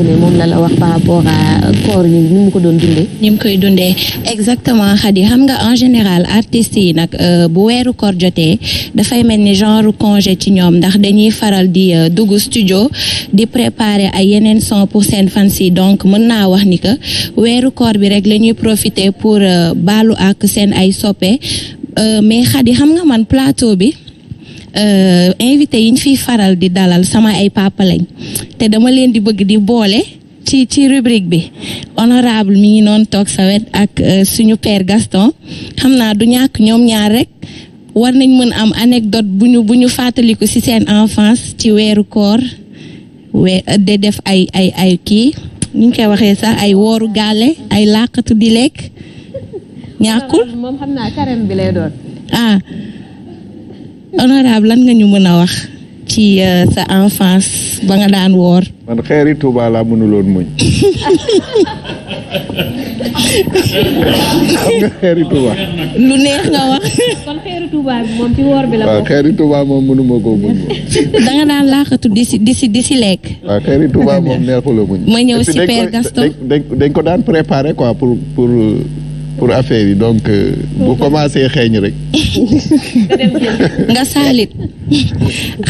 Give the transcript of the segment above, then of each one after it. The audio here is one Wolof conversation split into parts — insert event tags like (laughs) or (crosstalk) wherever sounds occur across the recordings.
xamante ne moom la wax par rapport à yi ni mu ko doon dundee. ni mu koy dundee exactement xadi xam nga en général artistes yi nag euh, bu weeru cor jotee dafay mel ni genre congé ci ñoom ndax dañuy faral di euh, dugg studio di préparer ay yeneen son pour seen fans yi donc mën naa wax ni que weeru cor bi rek lañuy ñuy profiter pour euh, baalu ak seen ay soppe mais xadi xam nga man plateau bi. Euh, invité yi ñu fiy faral di dalal sama ay papa te dama leen di bëgg di boole ci ci rubrique bi honorable mi ngi noonu toog sa wet ak euh, suñu per Gaston xam naa du ñàkk ñoom ñaar rek war nañ mën am anecdote bu ñu bu ñu fàttaliku ci seen enfance ci weeru koor we def ay ay ay kii ñu ngi koy waxee sax ay wooru gaale ay làqatu di lekk ñàkkul moom bi lay doon ah. honorable lan nga ñu mën a wax ci euh, sa enfance ba nga daan woor. man xeeri Touba laa mënuloon muñ. (laughs) xam nga xeeri Touba. lu bi moom ci woor bi la. waaw xeeri Touba moom mënuma koo muñ. (laughs) da daan laaxatu di si di si lekk. xeeri Touba moom neexula muñ. ma ñëw si Père Gaston dañ ko daan préparé ko pour pour. pour affaire yi donc euh, bu commencé xeeñ rek. nga saalit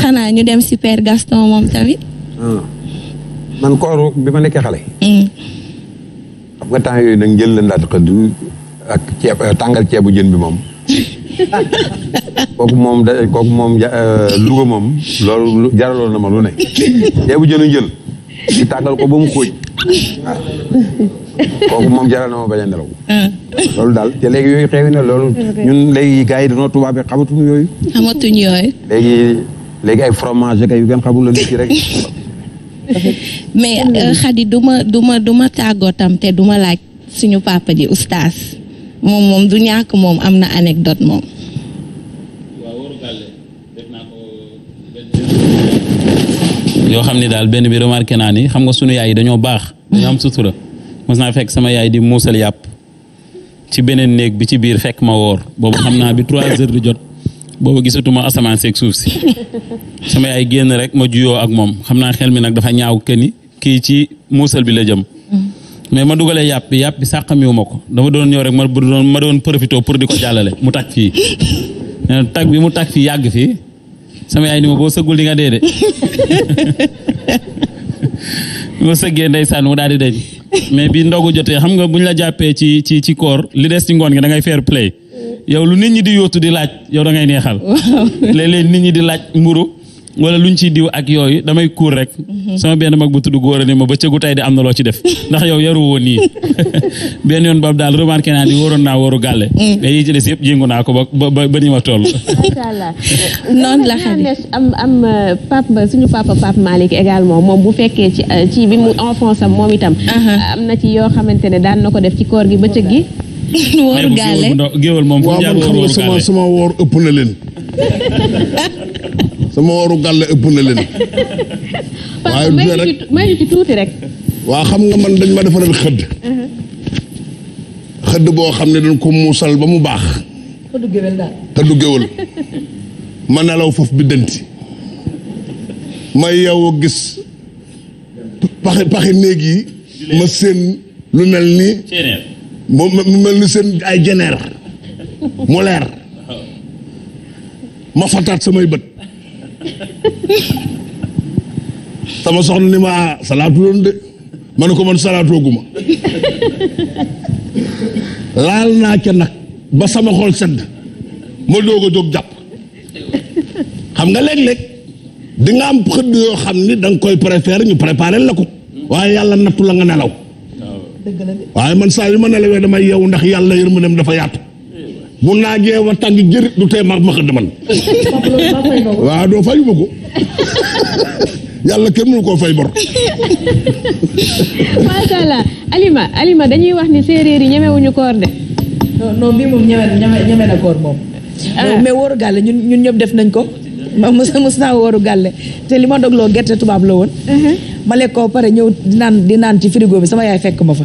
xanaa ñu dem si Père Gaston moom tamit. Ah. man koor bi ma nekkee xale. Mm. xam nga temps yooyu nag njël la ndaat xëdd ak ceeb euh, tàngal ceebu jën bi moom. kooku moom da moom euh, Louga moom loolu jaraloon na ma lu ne. ceebu jën jën. ñu tàngal ko ba mu xóoj. (laughs) kooku moom jaral na ma bañ a loolu daal te léegi yooyu xewi na loolu. ñun léegi gars yi dañoo tubaab bi yooyu. xamatuñu yooyu. léegi léegi ay fromage ak yu kenn xamul la rek. mais xadi euh, du ma du ma du te du ma laaj suñu papa ji oustaz moom moom du ñàkk moom am na anecdote moom. yoo xam ne daal benn bi remarqué naa ni xam nga sunu yaay yi dañoo baax. dañoo am sutura mos naa fekk sama yaay di muusal yàpp. ci beneen néeg bi ci biir fekk ma woor boobu xam naa bi trois heures di jot boobu gisatuma asamaan seeg suuf si sama yaay génn rek ma juyoo ak moom xam naa xel mi nag dafa ñaaw këni kii ci muusal bi la jëm mais ma dugalee yàpp yàpp bi sàqamiwu ko dama doon ñëw rek ma doon ma doon profité pour di ko jàllale mu tag fii tag bi mu tag fii yàgg fii sama yaay ni ma boo sëggul di nga dee de (laughs) boo sëggee ndeysaan mu daal di deñ mais bi ndogu jotee xam nga buñ la jàppee ci ci ci koor li des ci ngoon gi da ngay fair play yow lu nit ñi di yootu di laaj yow da ngay neexal léeg nit ñi di laaj mburu wala luñ ciy diw ak yooyu damay kuur rek. Mhm. sama benn mag bu tudd góor ne ma ba cëgu tey di am na loo ci def (laughs) ndax yow yaru woon nii (laughs) benn yoon boobu daal remarqué naa ni waroon naa waru gàlle. Mm. mais yi ci des yëpp jéngu naa ko ba ba ba ni ma toll. (laughs) la xam am am euh, papa suñu papa Pape Malick également moom bu fekkee ci euh, ci bi mu enfance am moom itam. Uh-huh. Euh, am na ci yoo xamante ne daal na ko def ci koor gi bëccëg gi. wóoru gàlle moom fu mu woor ëpp na leen. (laughs) sama waru gàll ëpp na leen. waaye du rek rek. waa xam nga man dañ ma defaral xëdd. Uh-huh. xëdd boo xam ne dañ ko muusal ba mu baax. xëddu géwél daal xëdd géwél (laughs) ma nelaw foofu bi dënti ma yow gis paxi paxi néeg yi ma seen lu mel ni mu mel ni seen ay jeneer mu leer ma fataat samay bët sama soxna ni ma ah salaatu loon de ma ne ko man salaatooguma laal naa ca nag ba sama xol sedd ma doog a jóg jàpp xam nga léeg-léeg di am xëdd yoo xam ni da nga koy préféré ñu préparé na ko waaye yàlla nattu la nga nelaw waaye man saa yu ma nelawee damay yeewu ndax yàlla yërmandeem dafa yaatu bu naajee wa tàng jër du tee mar ma xëdd man waaw doo fayu ma ko yàlla kenn mënu koo fay bor macha allah alima alima dañuy wax ni séeréer yi ñemewuñu koor de non bii moom ñeme ñeme na koor moom ah. mais wóoru gàlle ñun ñun ñëpp def nañ ko ma mos mos naa wóoru gàlle te li ma dogloo gerte tubaab la woon mhm. ma lekk ko pare ñëw di naan di naan ci frigo bi sama yaay fekk ma fa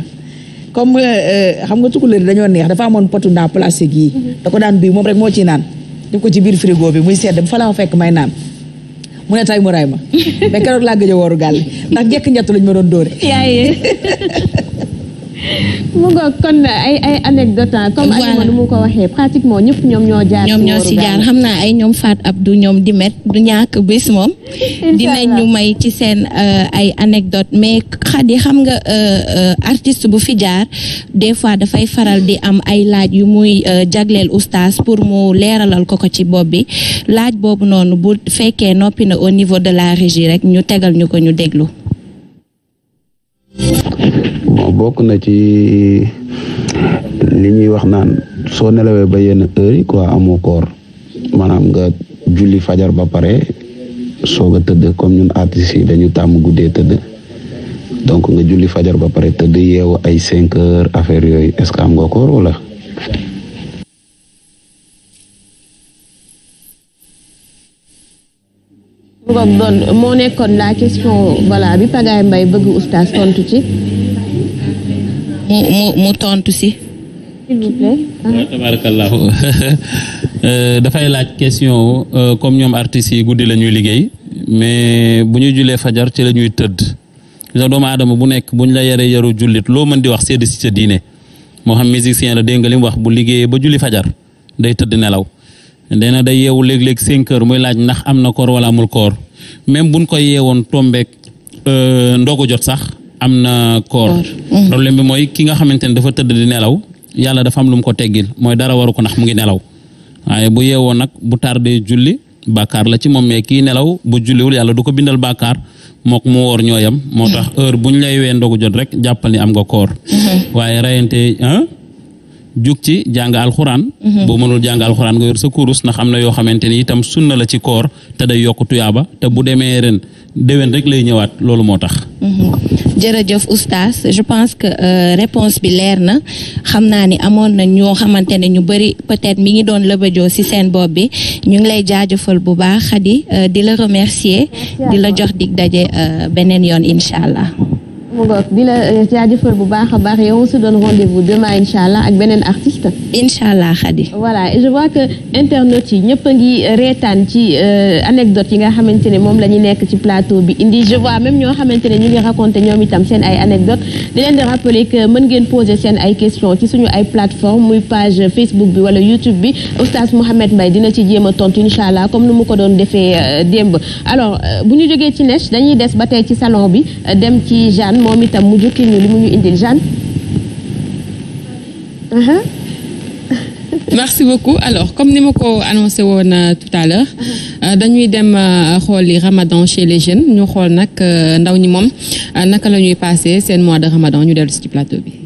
comme euh, euh, xam nga tukulóor yi dañoo neex dafa amoon potu ndaa plastique yi. Mhm. dako ko daan bii moom rek moo ciy naan. def ko ci biir frigo bi muy sedd bu fa laa fekk may naan. mu ne tay mu ray ma (laughs) mais keroog laa gëj a wooru gàlle ndax njëkk njëtt lañ ma doon dóore. (laughs) mu ngoog kon ay ay anecdote ah, comme Alima nu mu ko waxee pratiquement ñëpp ñoom ñoo jaar. ñoom ñoo si jaar xam naa ay ñoom Fat Abdou ñoom di met du ñàkk bis moom. (laughs) dinañ ñu may ci seen euh, ay anecdote mais xadi xam nga euh, euh, artiste bu fi jaar des fois dafay faral di am ay laaj yu muy jagleel oustaz pour mu leeralal ko ko ci bopp bi laaj boobu noonu bu fekkee noppi na au niveau de la régie rek ñu tegal ñu ko ñu déglu. bokk na ci li ñuy wax naan soo nelawee ba yenn heure yi quoi amoo koor maanaam nga julli fajar ba pare soog a tëdd comme ñun artistes yi dañu tàmm guddee tëdd donc nga julli fajar ba pare tëdd yeewu ay cinq heures affaire yooyu est-ce que am nga koor wala. moo nekkoon la question voilà bi Pagaye Mbaye bëgg oustaz tontu ci. mu mu mu tontu si. (laughs) Euh, dafay laaj question euh, comme ñoom artistes yi guddi la ñuy liggéey mais bu ñu julee fajar ci la ñuy tëdd. sa doomu aadama bu nekk bu ñu la yaree yaru jullit loo mën di wax sedd si sa diine moo xam musicien la dégg nga li wax bu liggéeyee ba julli fajar day tëdd nelaw. nee na day yeewu léeg-léeg cinq heures muy laaj ndax am na koor wala amul koor même buñ koy yeewoon tombeek euh, ndogu jot sax. am na koor mm-hmm. problème bi mooy ki nga xamante ne dafa tëdd di nelaw yàlla dafa am lu mu ko teggil mooy dara waru ko ndax mu ngi nelaw waaye bu yeewoo nag bu tardee julli bàkkaar la ci moom mais ki nelaw bu julliwul yàlla du ko bindal bàkkaar mook mu woor ñooyam moo tax mm-hmm. heure buñ lay wee ndogu jot rek jàppal ni am nga koor mm-hmm. waaye rayante jug ci jàng alxuraan boo mënul jàng alxuraan nga yor sa kurus ndax am na yoo xamante ni itam sunna la ci koor te day déwén rek lay ñëwaat loolu moo tax. Mhm. jërëjëf oustaz je pense que euh, réponse bi leer na xam naa ni amoon na ñoo xamante ne ñu bëri peut-être mi ngi doon lëbëjoo ci seen bopp bi ñu ngi lay jaajëfal bu baax Khady euh, di la remercier di la jox dig daje euh, beneen yoon incha allah. mu ngoog di la eh, jaajëfal bu baax a baax yow on se donne rendez-vous demain incha allah ak beneen artiste. incha allah Khady. voilà et je vois que internautes yi ñëpp a ngi eh, reetaan ci eh, anecdote yi nga xamante ne moom la ñu nekk ci plateau bi indi je vois même ñoo xamante ne ñu ngi raconté ñoom itam seen ay anecdote di leen di rappeler que mën ngeen poser seen ay question ci suñu ay plateforme muy page Facebook bi wala YouTube bi oustaz Mouhamed mbay dina ci jéem a tontu incha allah comme nu mu ko doon defee démb alors bu ñu jógee ci neche dañuy des ba tey ci salon bi dem ci Jeanne. moom itam mu jukki ñu li mu ñu indil Jeanne uh-huh. merci beaucoup alors comme ni ma ko annoncé woon euh, tout à l'heure uh-huh. euh, dañuy dem euh, xool yi ramadan chez les jeunes ñu xool nag ndaw ñi moom naka la ñuy passé seen mois de ramadan ñu dellu si ci plateau bi